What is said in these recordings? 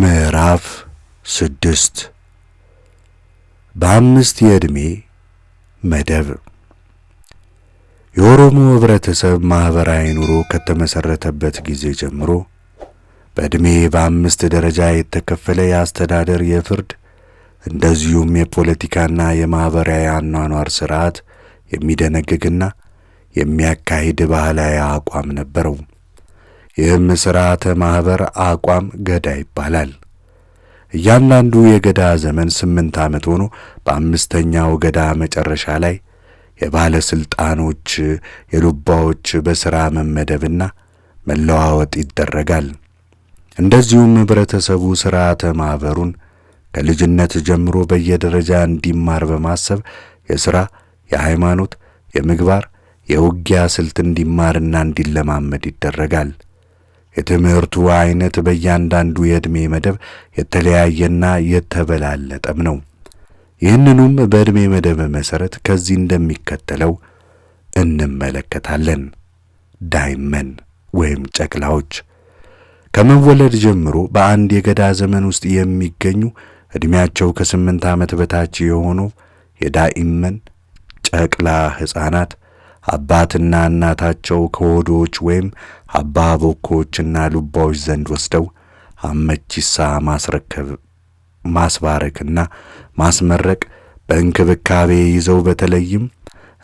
ምዕራፍ ስድስት በአምስት የዕድሜ መደብ የኦሮሞ ኅብረተሰብ ማኅበራዊ ኑሮ ከተመሠረተበት ጊዜ ጀምሮ በዕድሜ በአምስት ደረጃ የተከፈለ የአስተዳደር፣ የፍርድ እንደዚሁም የፖለቲካና የማኅበራዊ አኗኗር ሥርዓት የሚደነግግና የሚያካሂድ ባህላዊ አቋም ነበረው። ይህም ሥርዓተ ማኅበር አቋም ገዳ ይባላል። እያንዳንዱ የገዳ ዘመን ስምንት ዓመት ሆኖ በአምስተኛው ገዳ መጨረሻ ላይ የባለ ሥልጣኖች የሉባዎች በሥራ መመደብና መለዋወጥ ይደረጋል። እንደዚሁም ኅብረተሰቡ ሥርዓተ ማኅበሩን ከልጅነት ጀምሮ በየደረጃ እንዲማር በማሰብ የሥራ፣ የሃይማኖት፣ የምግባር፣ የውጊያ ስልት እንዲማርና እንዲለማመድ ይደረጋል። የትምህርቱ አይነት በእያንዳንዱ የዕድሜ መደብ የተለያየና የተበላለጠም ነው። ይህንኑም በዕድሜ መደብ መሠረት ከዚህ እንደሚከተለው እንመለከታለን። ዳይመን ወይም ጨቅላዎች ከመወለድ ጀምሮ በአንድ የገዳ ዘመን ውስጥ የሚገኙ ዕድሜያቸው ከስምንት ዓመት በታች የሆኑ የዳይመን ጨቅላ ሕፃናት አባትና እናታቸው ከሆዶዎች ወይም አባቦኮችና ሉባዎች ዘንድ ወስደው አመቺሳ ማስረከብ ማስባረክና ማስመረቅ በእንክብካቤ ይዘው በተለይም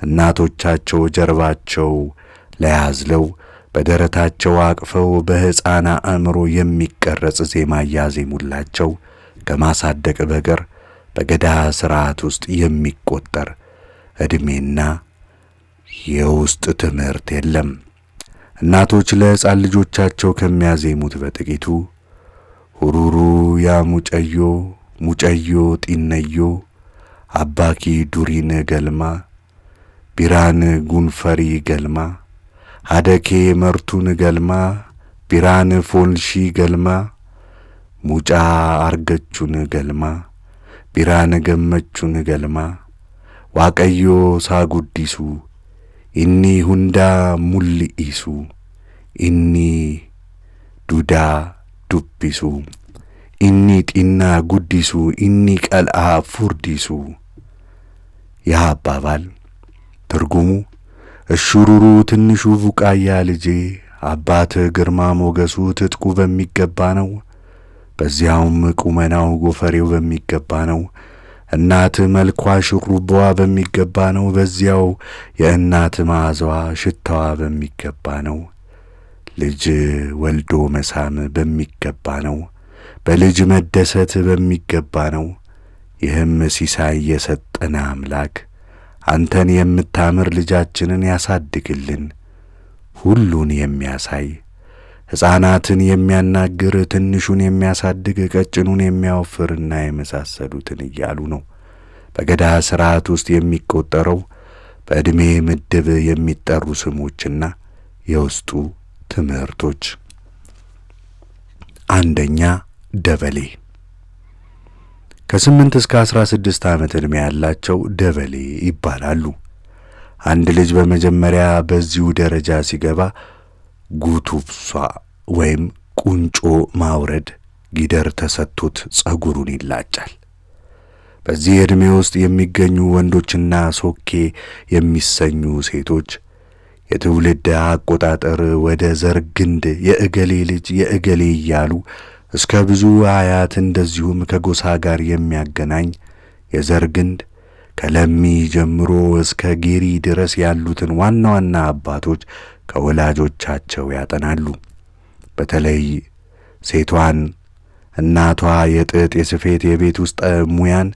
እናቶቻቸው ጀርባቸው ላይ አዝለው በደረታቸው አቅፈው በሕፃና አእምሮ የሚቀረጽ ዜማ እያዜሙላቸው ከማሳደግ በቀር በገዳ ሥርዓት ውስጥ የሚቆጠር ዕድሜና የውስጥ ትምህርት የለም። እናቶች ለሕፃን ልጆቻቸው ከሚያዜሙት በጥቂቱ ሁሩሩ ያ ሙጨዮ ሙጨዮ ጢነዮ አባኪ ዱሪን ገልማ ቢራን ጉንፈሪ ገልማ አደኬ መርቱን ገልማ ቢራን ፎንሺ ገልማ ሙጫ አርገቹን ገልማ ቢራን ገመቹን ገልማ ዋቀዮ ሳጉዲሱ inni hundaa mul'isu, inni dudaa dubbisu, inni xinnaa guddisu, inni qal'aa furdisu። ይህ አባባል ትርጉሙ እሽሩሩ ትንሹ ቡቃያ ልጄ አባትህ ግርማ ሞገሱ ትጥቁ በሚገባ ነው፣ በዚያውም ቁመናው ጎፈሬው በሚገባ ነው እናት መልኳ ሹሩባዋ በሚገባ ነው። በዚያው የእናት መዓዛዋ ሽታዋ በሚገባ ነው። ልጅ ወልዶ መሳም በሚገባ ነው። በልጅ መደሰት በሚገባ ነው። ይህም ሲሳይ የሰጠነ አምላክ አንተን የምታምር ልጃችንን ያሳድግልን ሁሉን የሚያሳይ ሕፃናትን የሚያናግር ትንሹን የሚያሳድግ ቀጭኑን የሚያወፍርና የመሳሰሉትን እያሉ ነው። በገዳ ሥርዓት ውስጥ የሚቆጠረው በዕድሜ ምድብ የሚጠሩ ስሞችና የውስጡ ትምህርቶች አንደኛ ደበሌ ከስምንት እስከ አስራ ስድስት ዓመት ዕድሜ ያላቸው ደበሌ ይባላሉ። አንድ ልጅ በመጀመሪያ በዚሁ ደረጃ ሲገባ ጉቱብሷ ወይም ቁንጮ ማውረድ ጊደር ተሰጥቶት ጸጉሩን ይላጫል። በዚህ ዕድሜ ውስጥ የሚገኙ ወንዶችና ሶኬ የሚሰኙ ሴቶች የትውልድ አቆጣጠር ወደ ዘር ግንድ የእገሌ ልጅ የእገሌ እያሉ እስከ ብዙ አያት እንደዚሁም ከጎሳ ጋር የሚያገናኝ የዘር ግንድ ከለሚ ጀምሮ እስከ ጌሪ ድረስ ያሉትን ዋና ዋና አባቶች ከወላጆቻቸው ያጠናሉ። በተለይ ሴቷን እናቷ የጥጥ የስፌት የቤት ውስጥ ሙያን፣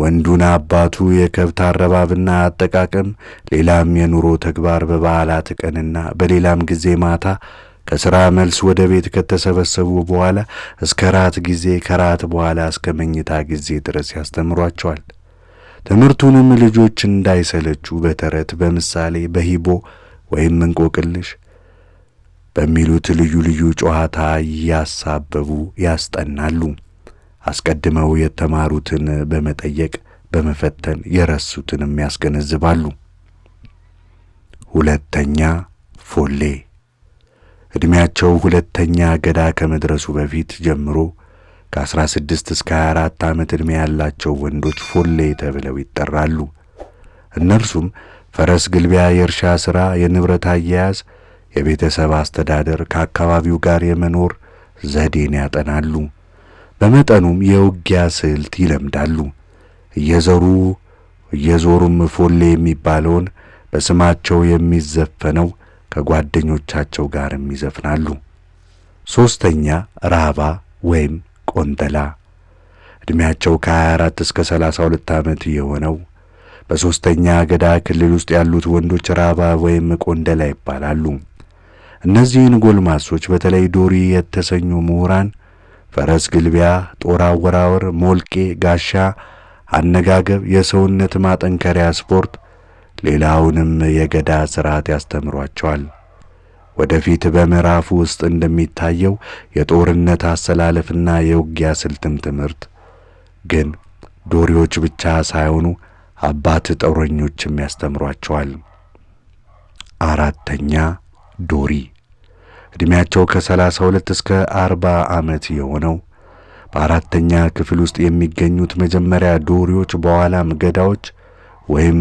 ወንዱን አባቱ የከብት አረባብና አጠቃቀም፣ ሌላም የኑሮ ተግባር በበዓላት ቀንና በሌላም ጊዜ ማታ ከሥራ መልስ ወደ ቤት ከተሰበሰቡ በኋላ እስከ ራት ጊዜ ከራት በኋላ እስከ መኝታ ጊዜ ድረስ ያስተምሯቸዋል። ትምህርቱንም ልጆች እንዳይሰለቹ በተረት በምሳሌ በሂቦ ወይም እንቆቅልሽ በሚሉት ልዩ ልዩ ጨዋታ እያሳበቡ ያስጠናሉ። አስቀድመው የተማሩትን በመጠየቅ በመፈተን የረሱትንም ያስገነዝባሉ። ሁለተኛ ፎሌ ዕድሜያቸው ሁለተኛ ገዳ ከመድረሱ በፊት ጀምሮ ከ16 እስከ 24 ዓመት ዕድሜ ያላቸው ወንዶች ፎሌ ተብለው ይጠራሉ። እነርሱም ፈረስ ግልቢያ፣ የእርሻ ሥራ፣ የንብረት አያያዝ፣ የቤተሰብ አስተዳደር፣ ከአካባቢው ጋር የመኖር ዘዴን ያጠናሉ። በመጠኑም የውጊያ ስልት ይለምዳሉ። እየዘሩ እየዞሩም ፎሌ የሚባለውን በስማቸው የሚዘፈነው ከጓደኞቻቸው ጋርም ይዘፍናሉ። ሦስተኛ ራባ ወይም ቆንጠላ ዕድሜያቸው ከ24 እስከ 32 ዓመት የሆነው በሦስተኛ አገዳ ክልል ውስጥ ያሉት ወንዶች ራባ ወይም ቆንደላ ይባላሉ። እነዚህን ጎልማሶች በተለይ ዶሪ የተሰኙ ምሁራን ፈረስ ግልቢያ፣ ጦር አወራወር፣ ሞልቄ፣ ጋሻ አነጋገብ፣ የሰውነት ማጠንከሪያ ስፖርት፣ ሌላውንም የገዳ ሥርዓት ያስተምሯቸዋል። ወደፊት በምዕራፉ ውስጥ እንደሚታየው የጦርነት አሰላለፍና የውጊያ ስልትም ትምህርት ግን ዶሪዎች ብቻ ሳይሆኑ አባት ጠውረኞችም ያስተምሯቸዋል። አራተኛ ዶሪ ዕድሜያቸው ከሰላሳ ሁለት እስከ አርባ ዓመት የሆነው በአራተኛ ክፍል ውስጥ የሚገኙት መጀመሪያ ዶሪዎች በኋላም ገዳዎች ወይም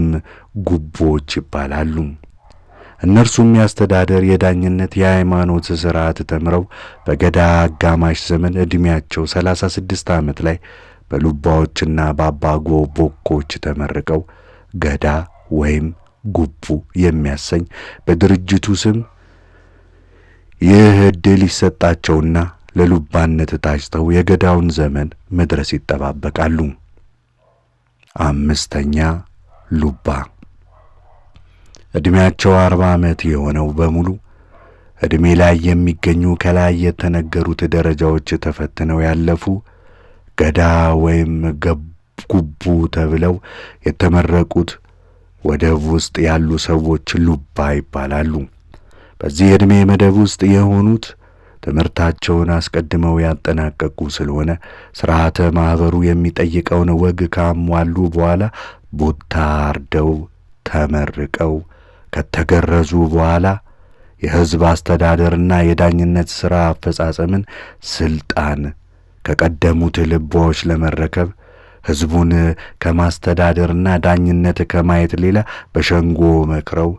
ጉቦዎች ይባላሉ። እነርሱም የአስተዳደር፣ የዳኝነት፣ የሃይማኖት ሥርዓት ተምረው በገዳ አጋማሽ ዘመን ዕድሜያቸው ሰላሳ ስድስት ዓመት ላይ በሉባዎችና በአባጎ ቦኮች ተመርቀው ገዳ ወይም ጉቡ የሚያሰኝ በድርጅቱ ስም ይህ ዕድል ይሰጣቸውና ለሉባነት ታጭተው የገዳውን ዘመን መድረስ ይጠባበቃሉ። አምስተኛ ሉባ ዕድሜያቸው አርባ ዓመት የሆነው በሙሉ ዕድሜ ላይ የሚገኙ ከላይ የተነገሩት ደረጃዎች ተፈትነው ያለፉ ገዳ ወይም ጉቡ ተብለው የተመረቁት ወደብ ውስጥ ያሉ ሰዎች ሉባ ይባላሉ። በዚህ እድሜ መደብ ውስጥ የሆኑት ትምህርታቸውን አስቀድመው ያጠናቀቁ ስለሆነ ሥርዓተ ማኅበሩ የሚጠይቀውን ወግ ካሟሉ በኋላ ቡታ አርደው ተመርቀው ከተገረዙ በኋላ የሕዝብ አስተዳደርና የዳኝነት ሥራ አፈጻጸምን ሥልጣን ከቀደሙት ልቦች ለመረከብ ሕዝቡን ከማስተዳደርና ዳኝነት ከማየት ሌላ በሸንጎ መክረው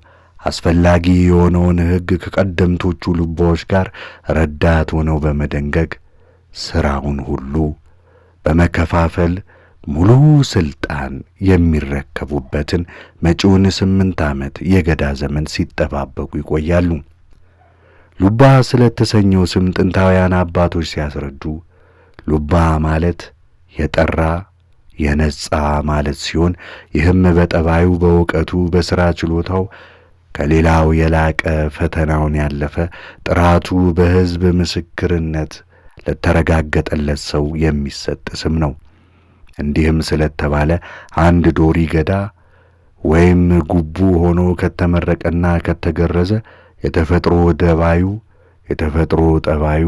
አስፈላጊ የሆነውን ሕግ ከቀደምቶቹ ልቦች ጋር ረዳት ሆነው በመደንገግ ሥራውን ሁሉ በመከፋፈል ሙሉ ሥልጣን የሚረከቡበትን መጪውን ስምንት ዓመት የገዳ ዘመን ሲጠባበቁ ይቆያሉ። ሉባ ስለተሰኘው ስም ጥንታውያን አባቶች ሲያስረዱ ሉባ ማለት የጠራ የነጻ ማለት ሲሆን ይህም በጠባዩ በእውቀቱ በሥራ ችሎታው ከሌላው የላቀ ፈተናውን ያለፈ ጥራቱ በሕዝብ ምስክርነት ለተረጋገጠለት ሰው የሚሰጥ ስም ነው። እንዲህም ስለተባለ አንድ ዶሪ ገዳ ወይም ጉቡ ሆኖ ከተመረቀና ከተገረዘ የተፈጥሮ ደባዩ የተፈጥሮ ጠባዩ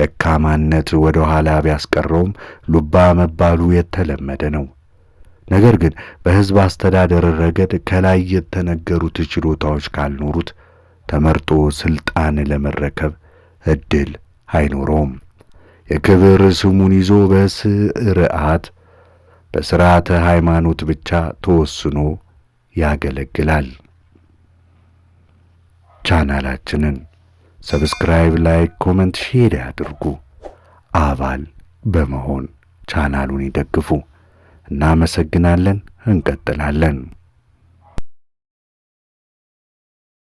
ደካማነት ወደ ኋላ ቢያስቀረውም ሉባ መባሉ የተለመደ ነው። ነገር ግን በሕዝብ አስተዳደር ረገድ ከላይ የተነገሩት ችሎታዎች ካልኖሩት ተመርጦ ሥልጣን ለመረከብ ዕድል አይኖረውም። የክብር ስሙን ይዞ በስርዓት በሥርዓተ ሃይማኖት ብቻ ተወስኖ ያገለግላል። ቻናላችንን ሰብስክራይብ፣ ላይክ፣ ኮመንት፣ ሼር ያድርጉ። አባል በመሆን ቻናሉን ይደግፉ። እናመሰግናለን። እንቀጥላለን።